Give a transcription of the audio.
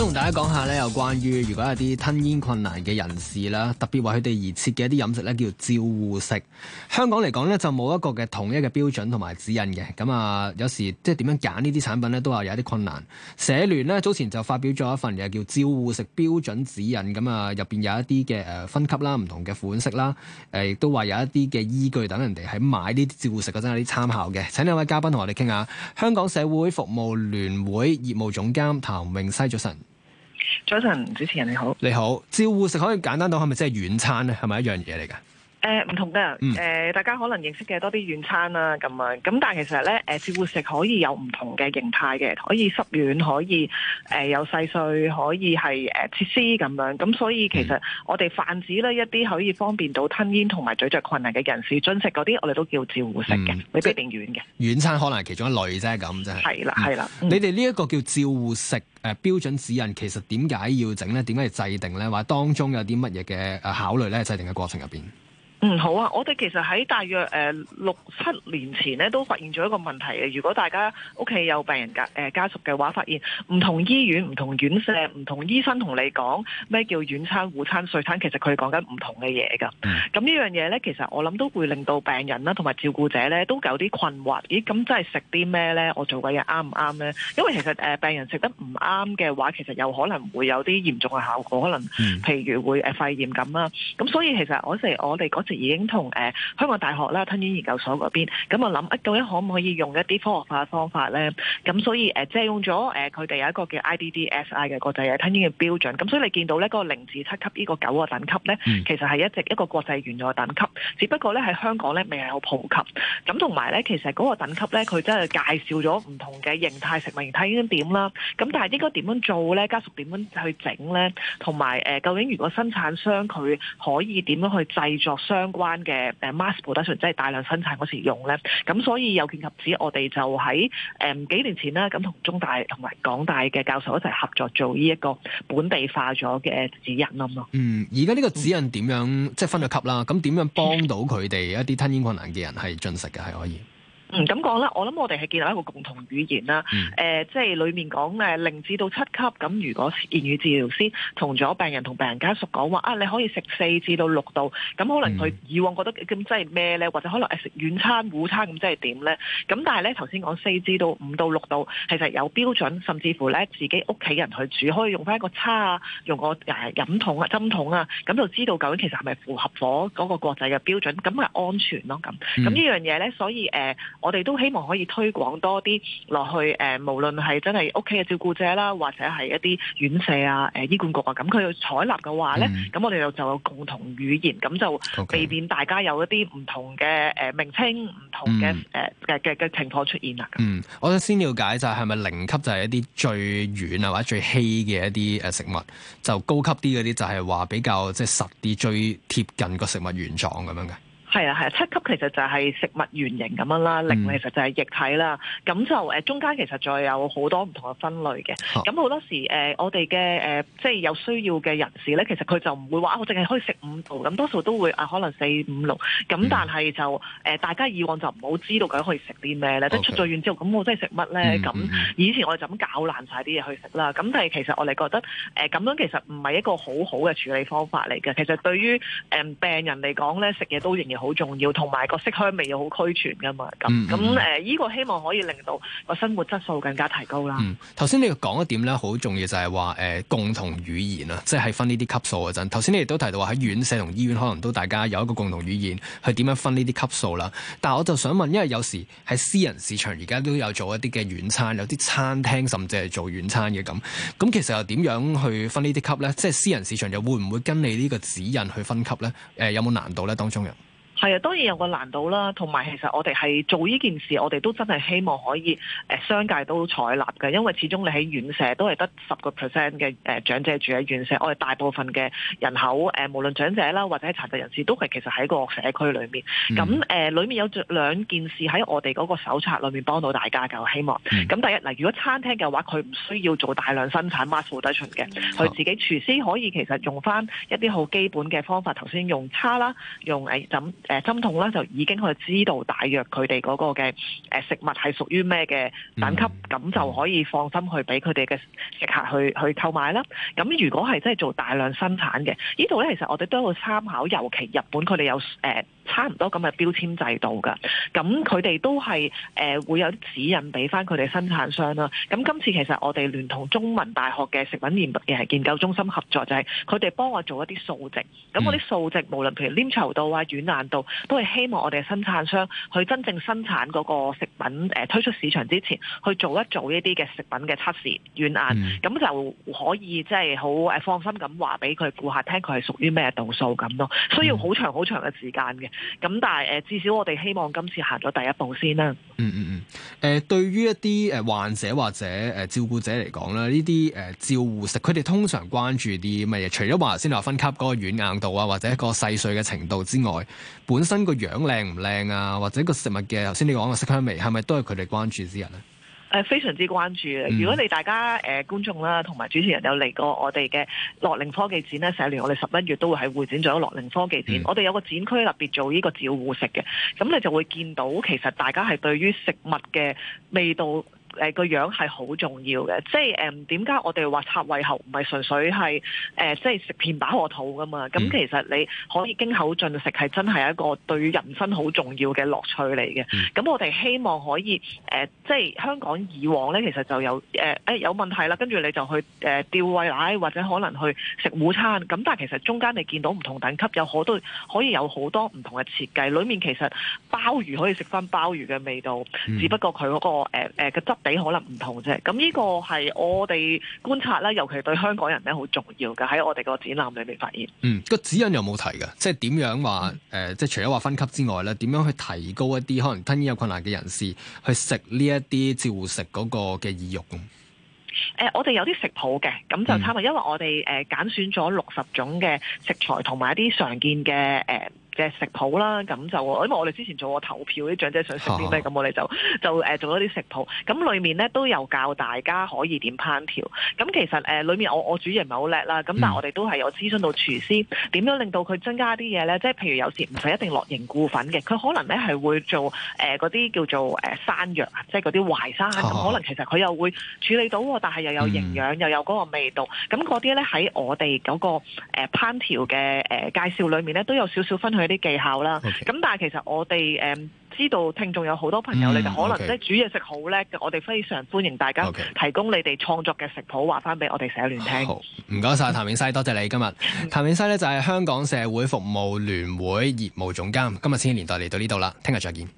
同大家講下咧，有關於如果有啲吞嚥困難嘅人士啦，特別為佢哋而設嘅一啲飲食咧，叫照護食。香港嚟講咧，就冇一個嘅統一嘅標準同埋指引嘅。咁啊，有時即係點樣揀呢啲產品咧，都係有一啲困難。社聯咧早前就發表咗一份嘢，叫照護食標準指引。咁啊，入邊有一啲嘅誒分級啦，唔同嘅款式啦，誒亦都話有一啲嘅依據等人哋喺買呢啲照護食嗰陣，有啲參考嘅。請兩位嘉賓同我哋傾下，香港社會服務聯會業務總監譚穎茜，早晨。早晨，主持人你好。你好，照護食可以簡單到係咪即係軟餐咧？係咪一樣嘢嚟㗎？誒、呃，唔同嘅誒、呃，大家可能認識嘅多啲軟餐啦，咁啊咁，但係其實咧，誒照護食可以有唔同嘅形態嘅，可以濕軟，可以誒、呃、有細碎，可以係誒、呃、切絲咁樣。咁所以其實我哋泛指咧一啲可以方便到吞嚥同埋咀嚼困難嘅人士進食嗰啲，我哋都叫照護食嘅，未必定軟嘅軟餐可能係其中一類啫，咁啫係啦，係啦、嗯。你哋呢一個叫照護食誒、呃、標準指引，其實點解要整咧？點解要制定咧？或者當中有啲乜嘢嘅誒考慮咧？在制定嘅過程入邊？嗯，好啊！我哋其實喺大約誒六七年前咧，都發現咗一個問題嘅。如果大家屋企有病人嘅誒家屬嘅話，發現唔同醫院、唔同院舍、唔同醫生同你講咩叫軟餐、糊餐、碎餐，其實佢哋講緊唔同嘅嘢㗎。咁、mm. 呢樣嘢咧，其實我諗都會令到病人啦，同埋照顧者咧都有啲困惑。咦，咁真係食啲咩咧？我做嘅嘢啱唔啱咧？因為其實誒、呃、病人食得唔啱嘅話，其實有可能會有啲嚴重嘅效果，可能譬如會誒、呃、肺炎咁啦。咁所以其實我哋已經同誒香港大學啦、吞嚥研究所嗰邊，咁我諗究竟可唔可以用一啲科學化嘅方法咧？咁所以誒即係用咗誒佢哋有一個叫 IDDSI 嘅國際嘅吞嚥嘅標準，咁所以你見到咧嗰個零至七級呢個九個等級咧，其實係一直一個國際原有嘅等級，只不過咧喺香港咧未有普及。咁同埋咧，其實嗰個等級咧，佢真係介紹咗唔同嘅形態、食物形態點啦。咁但係應該點樣做咧？家屬點樣去整咧？同埋誒，究竟如果生產商佢可以點樣去製作商？相關嘅誒 mask production，即係大量生產嗰時候用咧，咁所以有見及此，我哋就喺誒幾年前啦，咁同中大同埋港大嘅教授一齊合作做呢一個本地化咗嘅指引咁咯。嗯，而家呢個指引點樣、嗯、即係分咗級啦？咁點樣幫到佢哋一啲吞嚥困難嘅人係進食嘅係可以？嗯，咁講啦，我諗我哋係建立一個共同語言啦。誒、嗯呃，即係裏面講誒零至到七級。咁如果言語治療師同咗病人同病人家屬講話，啊，你可以食四至到六度。咁、嗯嗯、可能佢以往覺得咁即係咩咧？或者可能誒食軟餐、糊餐咁即係點咧？咁但係咧頭先講四至到五到六度，其實有標準，甚至乎咧自己屋企人去煮，可以用翻一個叉啊，用個誒飲筒啊、針筒啊，咁就知道究竟其實係咪符合咗嗰個國際嘅標準，咁咪安全咯。咁咁呢樣嘢咧、嗯，所以、呃我哋都希望可以推廣多啲落去，誒，無論係真係屋企嘅照顧者啦，或者係一啲院舍啊、誒，醫管局啊，咁佢要採納嘅話咧，咁、嗯、我哋就就有共同語言，咁、嗯、就避免大家有一啲唔同嘅誒名稱唔、嗯、同嘅誒嘅嘅嘅情況出現啦。嗯，我想先了解就係，係咪零級就係一啲最軟啊或者最稀嘅一啲誒食物，就高級啲嗰啲就係話比較即係、就是、實啲、最貼近個食物原狀咁樣嘅？係啊，係啊，七級其實就係食物原型咁樣啦，零其實就係液體啦，咁、嗯、就中間其實再有好多唔同嘅分類嘅，咁好多時誒、呃、我哋嘅誒即係有需要嘅人士咧，其實佢就唔會話我淨係可以食五度，咁多數都會啊可能四五六，咁但係就、嗯、大家以往就唔好知道佢可以食啲咩咧，okay. 即係出咗院之後，咁我真係食乜咧？咁、嗯嗯、以前我哋就咁搞爛晒啲嘢去食啦，咁但係其實我哋覺得誒咁、呃、樣其實唔係一個好好嘅處理方法嚟嘅，其實對於誒、呃、病人嚟講咧，食嘢都仍然好重要，同埋個色香味又好俱全噶嘛，咁咁誒，依、呃嗯呢個希望可以令到個生活質素更加提高啦。頭、嗯、先你講一點咧，好重要就係話、呃、共同語言啊，即、就、係、是、分呢啲級數嗰陣。頭先你亦都提到話喺院舍同醫院可能都大家有一個共同語言去點樣分呢啲級數啦。但我就想問，因為有時喺私人市場而家都有做一啲嘅軟餐，有啲餐廳甚至係做軟餐嘅咁。咁其實又點樣去分呢啲級咧？即係私人市場又會唔會跟你呢個指引去分級咧、呃？有冇難度咧？當中嘅？係啊，當然有個難度啦，同埋其實我哋係做呢件事，我哋都真係希望可以、呃、商界都採納嘅。因為始終你喺院舍都係得十個 percent 嘅誒長者住喺院舍，我哋大部分嘅人口誒、呃、無論長者啦或者殘疾人士都係其實喺個社區裏面。咁誒裏面有兩件事喺我哋嗰個手冊裏面幫到大家㗎，我希望。咁、嗯、第一嗱、呃，如果餐廳嘅話，佢唔需要做大量生產 mask 底 n 嘅，佢、嗯、自己廚師可以其實用翻一啲好基本嘅方法，頭先用叉啦，用、呃誒針痛啦，就已經去知道大約佢哋嗰個嘅誒食物係屬於咩嘅等級，咁、嗯、就可以放心去俾佢哋嘅食客去去購買啦。咁如果係真係做大量生產嘅，呢度咧其實我哋都有去參考，尤其日本佢哋有誒。呃差唔多咁嘅標籤制度㗎。咁佢哋都係誒、呃、會有啲指引俾翻佢哋生產商啦。咁今次其實我哋聯同中文大學嘅食品研研究中心合作，就係佢哋幫我做一啲數值。咁我啲數值、嗯、無論譬如黏稠度啊、軟硬度，都係希望我哋生產商去真正生產嗰個食品誒、呃、推出市場之前，去做一做呢啲嘅食品嘅測試軟硬，咁、嗯、就可以即係好放心咁話俾佢顧客聽佢係屬於咩度數咁咯。需要好長好長嘅時間嘅。咁但係誒，至少我哋希望今次行咗第一步先啦。嗯嗯嗯，誒、呃，對於一啲誒患者或者誒照顧者嚟講咧，呢啲誒照護食，佢哋通常關注啲乜嘢？除咗話先你話分級嗰個軟硬度啊，或者一個細碎嘅程度之外，本身個樣靚唔靚啊，或者個食物嘅頭先你講嘅色香味，係咪都係佢哋關注之一咧？誒非常之關注嘅，如果你大家誒、呃、觀眾啦，同埋主持人有嚟過我哋嘅樂齡科技展咧，社聯我哋十一月都會喺會展做樂齡科技展，我哋、嗯、有個展區特別做呢個照護食嘅，咁你就會見到其實大家係對於食物嘅味道。誒個樣係好重要嘅，即係誒點解我哋話插胃喉唔係純粹係誒、呃、即係食片飽和肚㗎嘛？咁其實你可以經口進食係真係一個對人生好重要嘅樂趣嚟嘅。咁、嗯、我哋希望可以誒、呃，即係香港以往咧，其實就有誒誒、呃哎、有問題啦，跟住你就去誒吊胃奶或者可能去食午餐。咁但係其實中間你見到唔同等級有好多可以有好多唔同嘅設計，裡面其實鮑魚可以食翻鮑魚嘅味道，只不過佢嗰個誒誒嘅質地。你可能唔同啫，咁呢個係我哋觀察啦，尤其對香港人咧好重要嘅，喺我哋個展覽裡面發現。嗯，個指引有冇提嘅？即係點樣話？誒、嗯呃，即係除咗話分級之外咧，點樣去提高一啲可能吞嚥有困難嘅人士去食呢一啲照護食嗰個嘅意欲？誒、呃，我哋有啲食譜嘅，咁就差唔多、嗯，因為我哋誒揀選咗六十種嘅食材同埋一啲常見嘅誒。呃嘅食譜啦，咁就因為我哋之前做過投票，啲長者想食啲咩，咁 我哋就就、呃、做咗啲食譜，咁裏面咧都有教大家可以點烹調。咁其實誒、呃、裏面我我煮嘢唔係好叻啦，咁但係我哋都係有諮詢到廚師點樣令到佢增加啲嘢咧，即係譬如有時唔使一定落凝固粉嘅，佢可能咧係會做誒嗰啲叫做誒、呃呃、山藥即係嗰啲淮山，咁 可能其實佢又會處理到，但係又有營養 又有嗰個味道，咁嗰啲咧喺我哋嗰個烹調嘅介紹裡面咧都有少少分享。佢啲技巧啦，咁、okay. 但係其實我哋誒、嗯、知道聽眾有好多朋友、嗯、你哋可能咧煮嘢食好叻嘅，okay. 我哋非常歡迎大家提供你哋創作嘅食譜話翻俾我哋社聯聽。好，唔該晒譚穎茜，多謝,謝你今日。譚、嗯、穎茜咧就係香港社會服務聯會業務總監，今日千禧年代嚟到呢度啦，聽日再見。